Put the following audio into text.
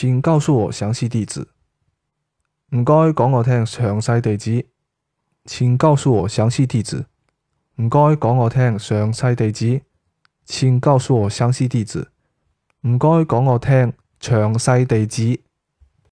請告訴我詳細地址，唔該講我聽詳細地址。請告訴我詳細地址，唔該講我聽詳細地址。請告訴我詳細地址，唔該講我聽詳細地址。